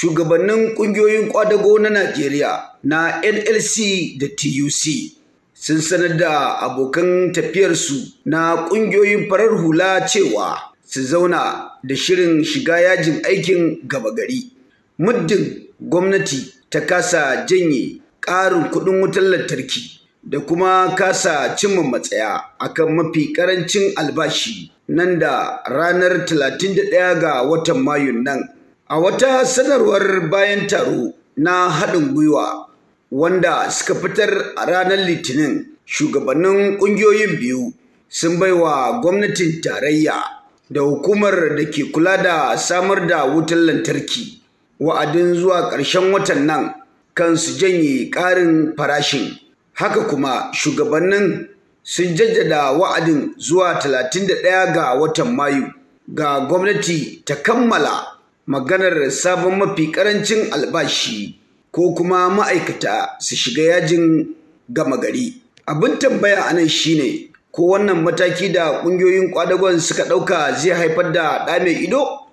shugabannin ƙungiyoyin ƙwadago na Najeriya na NLC da TUC sun sanar da abokan tafiyarsu na ƙungiyoyin farar hula cewa su zauna da shirin shiga yajin aikin gaba gari. Muddin gwamnati ta kasa janye ƙarin kuɗin wutar lantarki da kuma kasa cimma matsaya akan mafi ƙarancin albashi nan da ranar 31 ga watan Mayun nan. A wata sanarwar bayan taro na haɗin gwiwa wanda suka fitar a ranar Litinin, shugabannin ƙungiyoyin biyu sun bai wa gwamnatin tarayya da hukumar da ke kula da samar da wutan lantarki wa'adin zuwa ƙarshen watan nan kan su janye ƙarin farashin. Haka kuma shugabannin sun jaddada wa'adin zuwa 31 ga watan Mayu ga gwamnati ta kammala maganar sabon mafi ƙarancin albashi ko kuma ma'aikata su shiga yajin gama gari. Abin tambaya a nan shine ko wannan mataki da ƙungiyoyin ƙwadagon suka ɗauka zai haifar da ɗa mai ido?